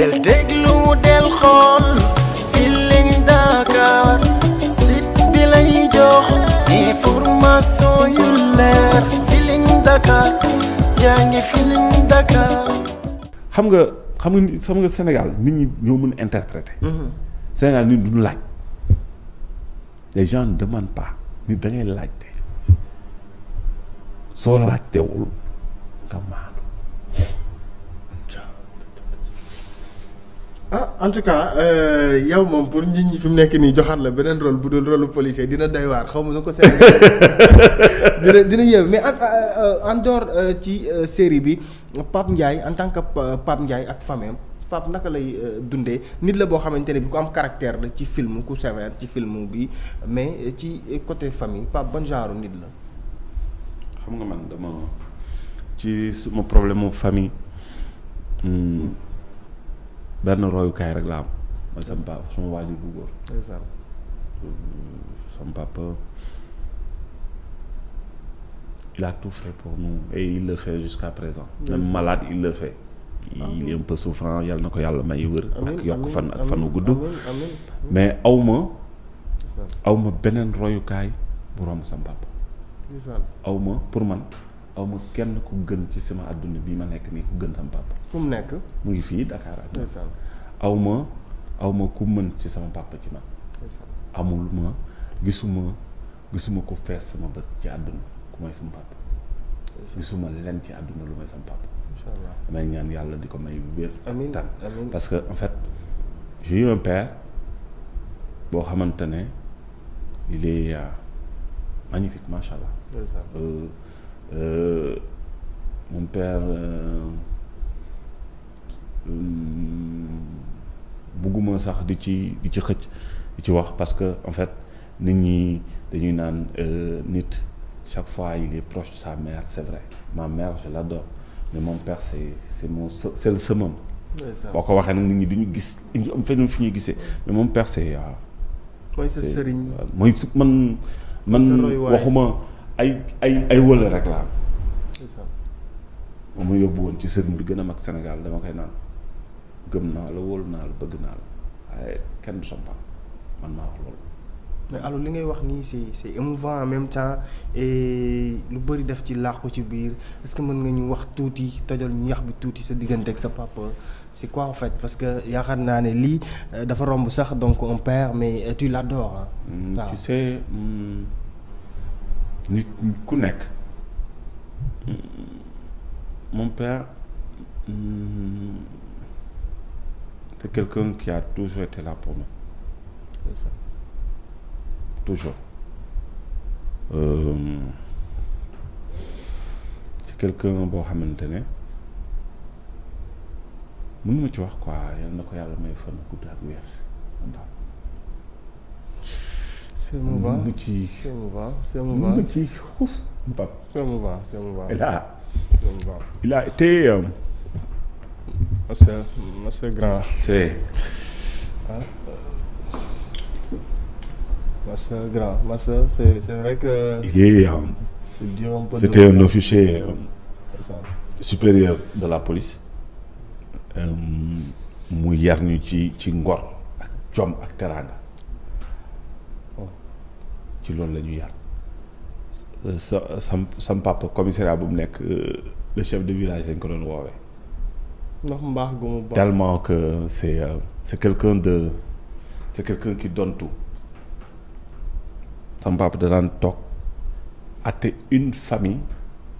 del déglu del xool Feeling Dakar site bi lay jox information yu leer Feeling Dakar yaa ngi Feeling Dakar. xam nga xam nga Sénégal nit ñi ñoo mën interpréter. Mhm. Sénégal nit duñu laaj les gens ne nit da laajte soo laajtewul nga maan. ah en tout cas euh, yow moom pour nit ñi fi mu nekk nii joxaat la beneen rôle bu dul rôle policier dina doy xaw ma nu ko seet dina dina yéeme mais en euh, en dehors euh, ci série bi Pape Ndiaye en tant que Pape Ndiaye ak famille Pape naka lay dundee nit la boo xamante ne bi ku am caractère la ci film ku sévère ci film mais ci côté famille Pape ban genre nit la. xam nga man dama ci suma problème mu famille. Hmm, benn royukaay rek laa am mooy sama papa sama waajur bu góor. ndeysaan sama tout fait pour nous et il le fait jusqu'à présent. même malade il le fait. il est un peu yàlla na ko yàlla may wër. ak yokk fan ak fanu gudd. mais aw ma. awma beneen royukaay bu romb sama awma pour man. awma kenn ku gën ci sama àdduna bi ma nekk nii ku gën sama papa. fu mu nekk. mu ngi fii Dakar ak man. awma awma ku mën ci sama papa ci man. amul ma gisuma gisuma ko fees sama bët ci àdduna ku may sama papa. gisuma lenn ci àdduna lu may sama papa. incha ñaan yàlla di ko may wér. amiin amiin parce que en fait j'ai eu un boo xamante ne il euh, magnifique macha allah. Euh, mon père euh, bugguma sax di ci di ci xëcc di ci wax parce que en fait nit ñi dañuy naan euh, nit chaque fois il est proche de sa mère c'est vrai ma mère je l'adore mais mon père c'est c'est mon c'est le boo ko waxee nag nit ñi duñu gis am fi ñuy gisee mais mon père c'est ah, mooy sa man man waxuma ay ay ay rek laa ma ma yóbbu woon ci sëriñ bi gën a mag Sénégal dama koy naan gëm naa la wóolu naa la bëgg naa la waaye kenn du sampa man naa wax loolu mais alors li ngay wax nii c'est c'est émouvant en même temps lu bëri def ci làqu ci biir parce que mën nga ñu wax tuuti tojal ñu yax bi tuuti sa diggante ak sa papa c'est quoi en parce que yaakaar naa ne lii euh, dafa romb sax donc on perd mais euh, tu l'adores ah. waaw mm, nit ku nekk mon père hmm, c'est quelqu'un qui a toujours été là pour nous c'est ça toujours euh, ci quelqu'un boo xamante ne mënuma ci wax quoi yal na ko yàlla may fan gudd ak weer c'est mu ngi ci c'est mouvant c'est mouvant mu ci xuus Pape. c'est mouvant c'est mouvant il a il um. a grand. c'est. Ah, uh, monsieur grand monsieur c'est c'est vrai que. Um. liggéey um, supérieur de la police. mu yar ñu ci ci ngor ak jom ak teraanga. ci loolu la ñu yar sa sam sam bu mu nekk euh, le chef de village lañ ko doon woowee. ndax mbaax gu mu baax tellement que c' est euh, de c' est quelqu' un qui donne tout sam papa toog atte une famille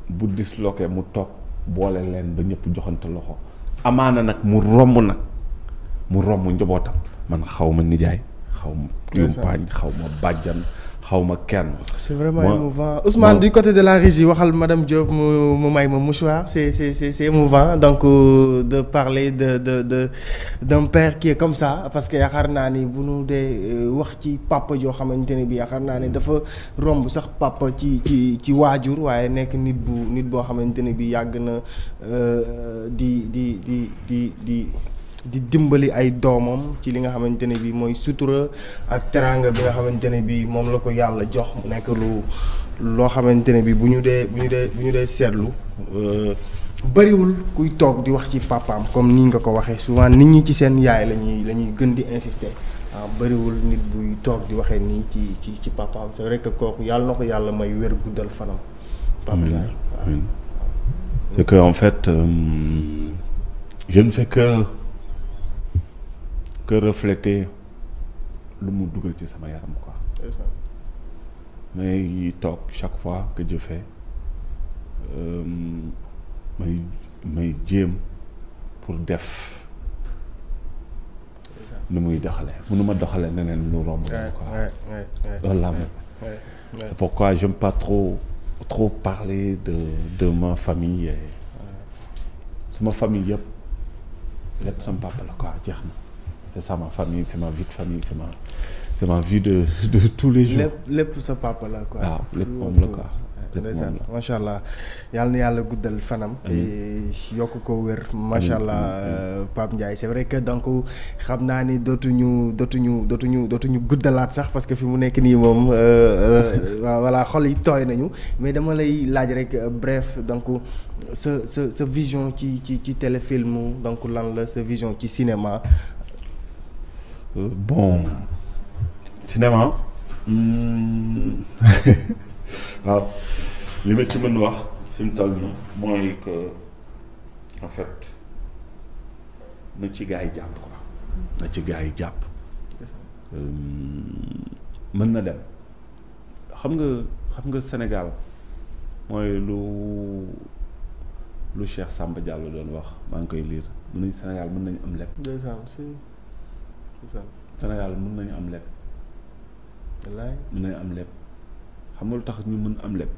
bu disloqué mu toog boole leen ba ñëpp joxante loxo amaana nag mu romb nag mu romb njobootam man xaw ma nijaay xaw ma. xaw ma bàjjan xaw ma kenn. c'est vraiment moi, émouvant Ousmane moi... côté de la régie waxal madame Diop mu mu may ma mouchoir c'est c'est c'est c'est émouvant donc euh, de parler de de de d'un père qui comme ça parce que yaakaar naa ni bu nu dee euh, wax ci papa joo xamante ne bi yaakaar naa ni dafa romb sax papa ci ci ci waajur waaye nekk nit bu nit boo xamante ne bi yàgg na euh, di di di di di. di dimbali ay doomam ci li nga xamante ne bii mooy sutura ak teraanga bi nga xamante ne bii moom la ko yàlla jox mu nekk loo xamante ne bii bu ñu dee bu ñu dee bu ñu dee seetlu euh, bëriwul kuy toog di wax ci papaam comme ni nga ko waxee souvent nit ñi ci seen yaay la ñuy la gën di insister. waaw ah, bëriwul nit buy toog di waxee nii ci ci ci papaam c'est kooku yàlla na ko yàlla may wér guddal fanam. papa c'est en fait euh, je que refléter lu mu dugal ci sama yaram quoi. may toog chaque fois que je fais euh, may may jéem pour def. nu muy doxale mënuma doxale neneen lu romb quoi loolu laa moom c'est pourquoi j'aime pas trop trop parler de de ma famille suma famille yëpp lépp sama papa la quoi jeex na c'est ça ma famille c'est ma vie de famille c'est ma c'est ma vie de de tous les lépp lépp sa papa la waaw ah, lépp moom la quoi. ndeysaan macha allah yal na yàlla guddal fanam. yokk ko wér. macha allah euh, Pape Ndiaye c'est vrai que donc xam naa ni dootuñu dootuñu dootuñu dootuñu guddalaat sax parce que fi mu nekk nii moom euh, euh, voilà xol yi tooy nañu mais dama lay laaj rek bref donc sa sa sa vision ci ci ci téléfilm donc lan la sa vision ci cinéma. bon cinéma waaw hmm. ah, li ma ci mën wax fi mu toll mooy que en fait na ci gars yi jàpp quoi na ci gars yi jàpp hmm. mën na dem xam nga xam nga Sénégal mooy lu lu Cheikh Samba Diallo doon wax maa ngi koy liir mu ne Sénégal mën nañu am lépp. Sénégal mën nañu am lépp. wallaay mën nañu am lépp xam nga tax ñu mën am lépp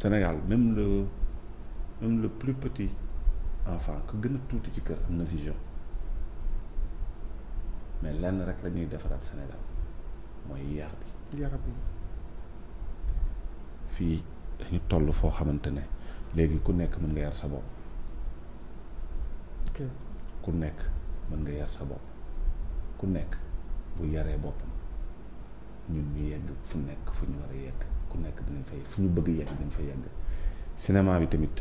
Sénégal même le même le plus petit enfant ku gën a tuuti ci kër am na vision mais lenn rek la defaraat Sénégal mooy yar bi. yar bi fii dañu toll foo xamante ne léegi ku nekk mën nga yar sa bopp. ku nekk mën nga yar sa bopp. ku nekk bu yaree boppam ñun yegg fu nekk fu ñu war a yegg ku nekk dinañ fa fu ñu bëgg yegg dinañ fa yegg cinéma bi tamit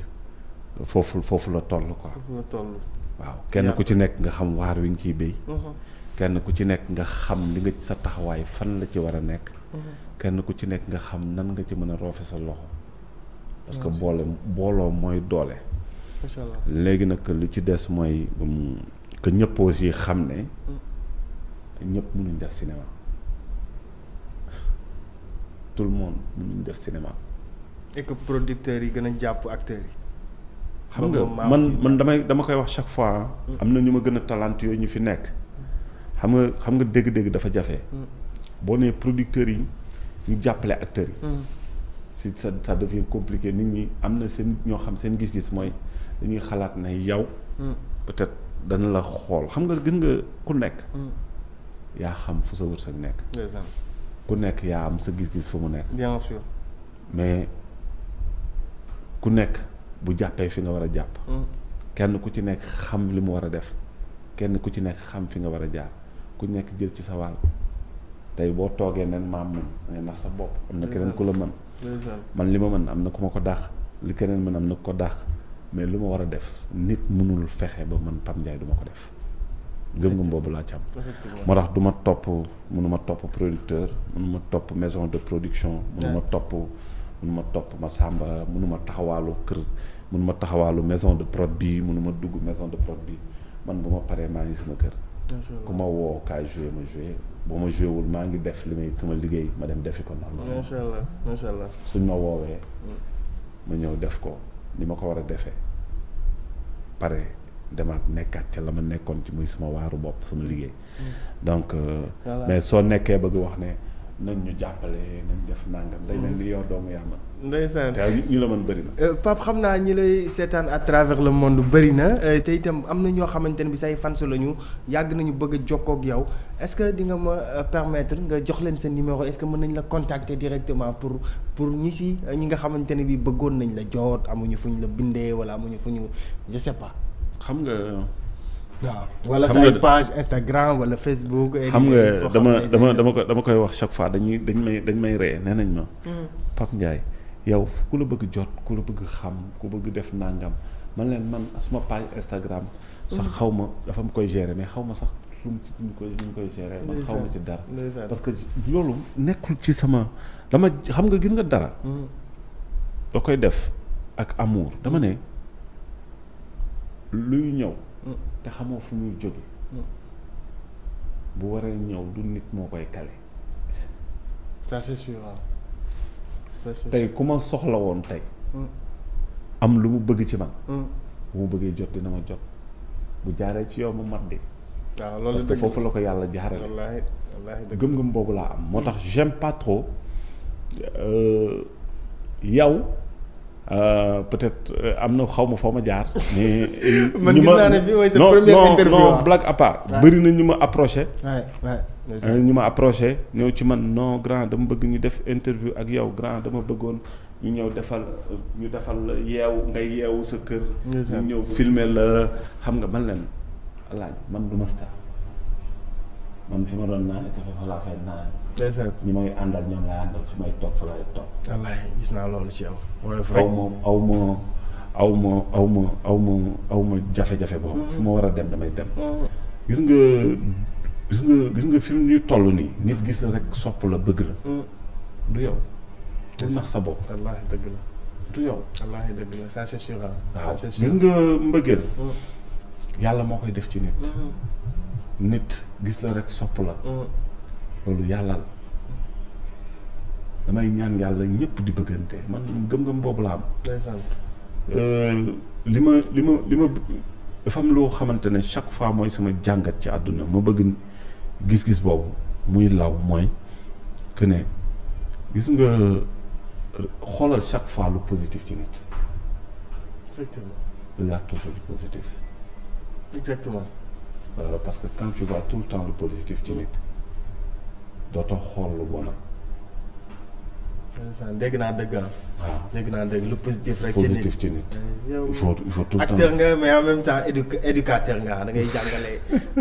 foofu foofu la toll ko foofu waaw kenn ku ci nekk nga xam waar wi nga ciy béy. Uh-huh. kenn ku ci nekk nga xam li nga sa taxawaay fan la ci war a nekk. Uh-huh. kenn ku ci nekk nga xam nan nga ci mën a roofe sa loxo. parce que boole booloo mooy doole. léegi nag lu ci des mooy que ñëpp aussi xam ne. Mm. te ñëpp mënuñ def cinéma tout le monde mënuñ def cinéma. et que producteurs yi gën a jàpp acteurs yi. xam nga man man damay dama koy wax chaque fois ah. am na ñu ma gën a talant talentueux ñu fi nekk. xam nga xam nga dégg-dégg dafa jafe. Mm. boo nee producteurs yi ñu jàppale acteur yi. Mm. si ça ça devient compliqué nit ñi am na seen ñoo xam seen gis-gis mooy dañuy xalaat ne yow. Mm. peut-être dana la xool xam nga gis nga ku nekk. yaa xam fu sa wërsëg nekk. ku nekk yaa am sa gis-gis fu mu nekk. bien sûr. mais ku nekk bu jàppee fi nga war a jàpp. Mm. kenn ku ci nekk xam li mu war a def kenn ku ci nekk xam fi nga war a jaar ku nekk jël ci sa wàll tey boo toogee nen maam mën nga nax sa bopp. am na keneen ku la mën. man li ma mën am na ku ma ko dàq li keneen mën am na ku ko dàq mais lu ma war a def nit mënul fexe ba man Pape njaay duma ko def. gëm-gëm boobu laa ci am moo tax duma ma topp mënuma topp producteur mënuma topp maison de production mënuma topp mënuma topp ma sàmba mënuma taxawaalu kër mënuma taxawaalu maison de prod bi mënuma dugg maison de prod bi man bu ma paree maa ngi suma kër ku ma woo kaay joué ma joué bu ma joué maa ngi def li may suma liggéey ma dem defi ko noonu macha allah macha allah suñ ma woowee mm. ma ñëw def ko ni ma ko war a defee pare demaat nekkaat ca la ma nekkoon ci muy sama waaru bopp sama liggéey. Mm. donc euh, mais soo nekkee bëgg wax ne nañ ñu jàppale nañ def nangam. day mel ni mm. yow doomu yaa mën. ndeysaan te ñu la mën bëri na. Euh, naa ñi lay seetaan à travers le monde bëri na euh, te itam am na ñoo xamante ne bi say fans la ñu yàgg nañu bëgg jokkook jokkoo ak yow est-ce que di nga ma permettre nga jox leen sa numéro est-ce que mën nañ la contacter directement pour pour ñi si ñi nga xamante ne bi bëggoon nañ la jot amuñu fu ñu la bindee wala amuñu fu ñu je xam nga. waaw wala sa ay page Instagram wala Facebook. xam nga dama dama dama ko dama koy wax chaque fois dañuy dañ may dañ may ree nee nañ ma. Mm. Pape Ndiaye yow ku la bëgg jot ku la bëgg xam ku bëgg def nangam man leen man suma page Instagram. sax mm. xaw ma dafa mu koy gérer mais xaw ma sax lu mu koy lu mu koy gérer. man xaw ma ci dara. parce que loolu nekkul ci sama dama xam nga gis nga dara. da mm. koy def ak amour dama ne. luy ñëw mm. te xamoo fu muy jóge mm. bu waree ñëw du nit moo koy kale ça c'est sûr tey ku ma soxla woon tey mm. am lu mu bëgg ci man bu mu bëggee jot dina ma jot bu jaaree ci yow ma mat de waaw loolu foofu la ko yàlla jaarale wallaahi wallaahi gëm-gëm boobu laa am moo tax j'aime patro trop euh, yow Euh, peut-être euh, am na xaw ma foo ma jaar. Euh, man gis naa ne bii mooy sa première interview non non blague à part. na ñu ma approché. ñu ma approché ñëw ci man non grand dama bëgg ñu def interview ak yow grand dama bëggoon ñu ñëw defal ñu defal yeewu ngay yeewu sa kër. ñu ñëw filmer la xam nga man leen laaj man du star man fi ma doon naan te fa laa koy naan. ndeysaan ñi may àndal gis naa loolu ci yow. mooy fure aw ma aw ma aw aw ma aw ma aw ma war a dem damay dem. gis nga gis gis nga fi ñu toll nii nit gis rek sopp la bëgg la. Mm. du yow. du nax dëgg la. du yow. wallaahi dëgg la ça c'est waaw gis nga mbëggeel. Mm. yàlla moo koy def ci nit. Mm-hmm. nit gis la rek sopp la mm. loolu yàlla la damay ñaan yàlla ñëpp di bëggante man gëm-gëm boobu laa am euh, li ma li ma li ma dafa loo xamante ne chaque fois mooy sama jàngat ci àdduna ma bëgg gis-gis boobu muy law mooy que ne gis nga euh, xoolal chaque fois lu positif ci nit effectivement regarde toujours Euh, parce que quand tu vois tout le temps le positif ci nit dootoo xool lu bon. dégg naa dëgg ah. waaw dégg naa dëgg lu positif rek. ci nit positif ci euh, il faut il faut tout le temps acteur nga mais en même temps édu éducateur nga da ngay jàngale.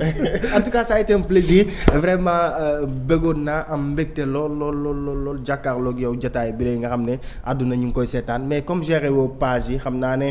en tout cas ça a été un plaisir vraiment euh, bëggoon naa am mbégte lool lool lool lool lool jàkkaarloog yow jotaay bi la nga xam ne àdduna ñu ngi koy seetaan mais comme géré page yi xam naa ne.